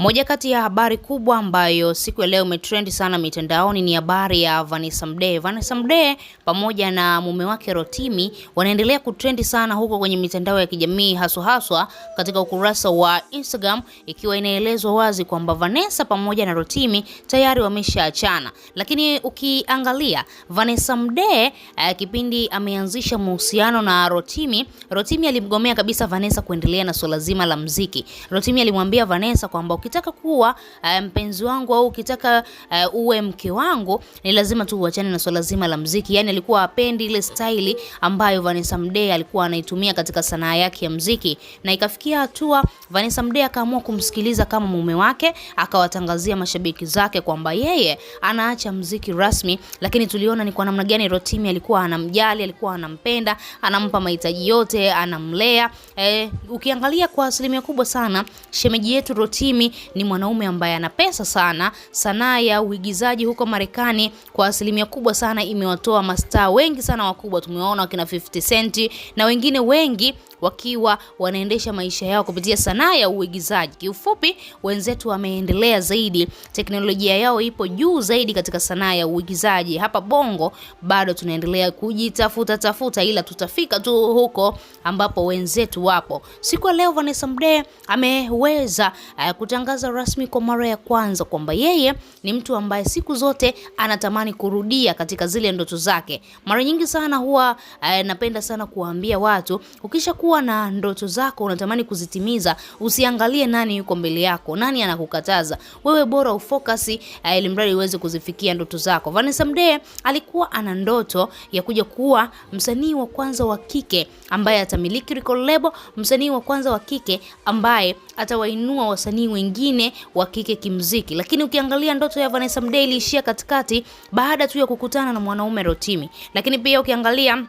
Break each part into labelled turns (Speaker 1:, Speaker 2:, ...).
Speaker 1: Moja kati ya habari kubwa ambayo siku ya leo imetrend sana mitandaoni ni habari ya Vanessa Mdee. Vanessa Mdee pamoja na mume wake Rotimi wanaendelea kutrendi sana huko kwenye mitandao ya kijamii haswa haswa katika ukurasa wa Instagram, ikiwa inaelezwa wazi kwamba Vanessa pamoja na Rotimi tayari wameshaachana. Lakini ukiangalia Vanessa Mdee eh, kipindi ameanzisha mahusiano na Rotimi, Rotimi alimgomea kabisa Vanessa kuendelea na swala zima la muziki. Rotimi alimwambia Vanessa kwamba ukitaka kuwa eh, mpenzi um, wangu au ukitaka uh, uwe mke wangu ni lazima tu uachane na swala zima la mziki. Yani alikuwa apendi ile staili ambayo Vanessa Mdee alikuwa anaitumia katika sanaa yake ya mziki, na ikafikia hatua Vanessa Mdee akaamua kumsikiliza kama mume wake, akawatangazia mashabiki zake kwamba yeye anaacha mziki rasmi, lakini tuliona ni kwa namna gani Rotimi alikuwa anamjali, alikuwa anampenda, anampa mahitaji yote, anamlea. E, ukiangalia kwa asilimia kubwa sana shemeji yetu Rotimi ni mwanaume ambaye ana pesa sana. Sanaa ya uigizaji huko Marekani kwa asilimia kubwa sana imewatoa mastaa wengi sana wakubwa, tumewaona wakina 50 Cent na wengine wengi wakiwa wanaendesha maisha yao kupitia sanaa ya uigizaji. Kiufupi, wenzetu wameendelea zaidi, teknolojia yao ipo juu zaidi katika sanaa ya uigizaji. Hapa Bongo bado tunaendelea kujitafuta tafuta, ila tutafika tu huko ambapo wenzetu wapo. Siku ya leo Vanessa Mdee ameweza uh, kutangaza rasmi kwa mara ya kwanza kwamba yeye ni mtu ambaye siku zote anatamani kurudia katika zile ndoto zake. Mara nyingi sana huwa uh, napenda sana kuwaambia watu ukisha ku unapokuwa na ndoto zako unatamani kuzitimiza, usiangalie nani yuko mbele yako, nani anakukataza wewe, bora ufokasi eh, ili mradi uweze kuzifikia ndoto zako. Vanessa Mdee alikuwa ana ndoto ya kuja kuwa msanii wa kwanza wa kike ambaye atamiliki record label, msanii wa kwanza wa kike ambaye atawainua wasanii wengine wa kike kimziki, lakini ukiangalia ndoto ya Vanessa Mdee iliishia katikati baada tu ya kukutana na mwanaume Rotimi, lakini pia ukiangalia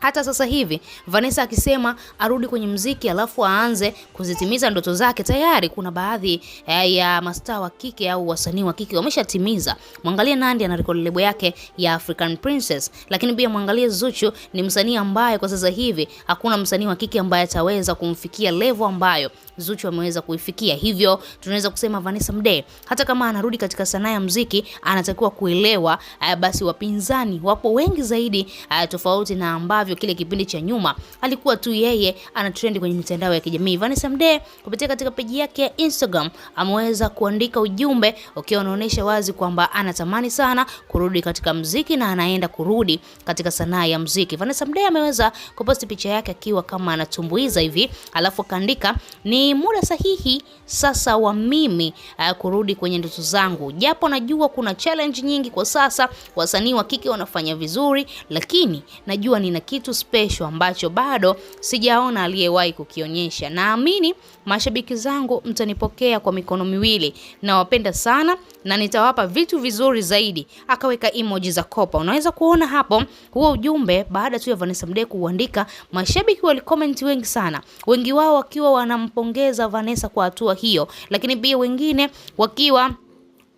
Speaker 1: hata sasa hivi Vanessa akisema arudi kwenye mziki alafu aanze kuzitimiza ndoto zake, tayari kuna baadhi eh, ya mastaa wa kike au wasanii wa kike wameshatimiza. Mwangalie Nandi ana record label yake ya African Princess, lakini pia mwangalie Zuchu ni msanii ambaye kwa sasa hivi hakuna msanii wa kike ambaye ataweza kumfikia level ambayo Zuchu ameweza kuifikia. Hivyo tunaweza kusema Vanessa Mdee hata kama anarudi katika sanaa ya mziki, anatakiwa kuelewa eh, basi wapinzani wapo wengi zaidi eh, tofauti na ambavyo ambavyo kile kipindi cha nyuma alikuwa tu yeye ana trend kwenye mitandao ya kijamii. Vanessa Mdee kupitia katika peji yake ya Instagram ameweza kuandika ujumbe ukiwa okay, unaonyesha wazi kwamba anatamani sana kurudi katika mziki na anaenda kurudi katika sanaa ya mziki. Vanessa Mdee ameweza kuposti picha yake akiwa kama anatumbuiza hivi, alafu akaandika ni muda sahihi sasa wa mimi uh, kurudi kwenye ndoto zangu, japo najua kuna challenge nyingi kwa sasa, wasanii wa kike wanafanya vizuri, lakini najua nina kitu special ambacho bado sijaona aliyewahi kukionyesha. Naamini mashabiki zangu mtanipokea kwa mikono miwili, nawapenda sana na nitawapa vitu vizuri zaidi. Akaweka emoji za kopa, unaweza kuona hapo huo ujumbe. Baada tu ya Vanessa Mdee kuandika, mashabiki walikomenti wengi sana, wengi wao wakiwa wanampongeza Vanessa kwa hatua hiyo, lakini pia wengine wakiwa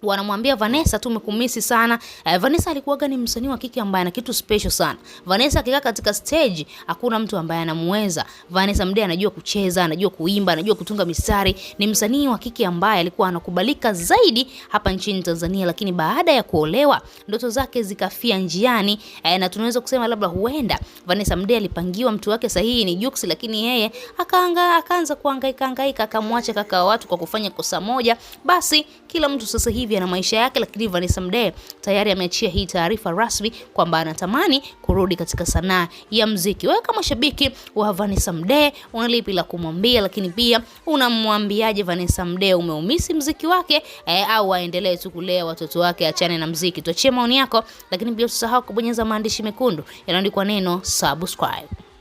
Speaker 1: wanamwambia Vanessa, tumekumisi sana. Eh, Vanessa alikuwa gani msanii wa kike ambaye ana kitu special sana. Vanessa akikaa katika stage hakuna mtu ambaye anamweza. Vanessa Mdee anajua kucheza, anajua kuimba, anajua kutunga mistari. Ni msanii wa kike ambaye alikuwa anakubalika zaidi hapa nchini Tanzania, lakini baada ya kuolewa ndoto zake zikafia njiani. Eh, na tunaweza kusema labda huenda Vanessa Mdee alipangiwa mtu wake sahihi ni Jux, lakini yeye akaanga akaanza kuhangaika hangaika akamwacha kaka watu kwa kufanya kosa moja. Basi kila mtu sasa hivi alivyo na maisha yake, lakini Vanessa Mdee tayari ameachia hii taarifa rasmi kwamba anatamani kurudi katika sanaa ya mziki. Wewe kama shabiki wa Vanessa Mdee una lipi la kumwambia, lakini pia unamwambiaje Vanessa Mdee? Umeumisi mziki wake e, au aendelee tu kulea watoto wake, achane na mziki? Tuachie maoni yako, lakini pia usisahau kubonyeza maandishi mekundu yanaandikwa neno subscribe.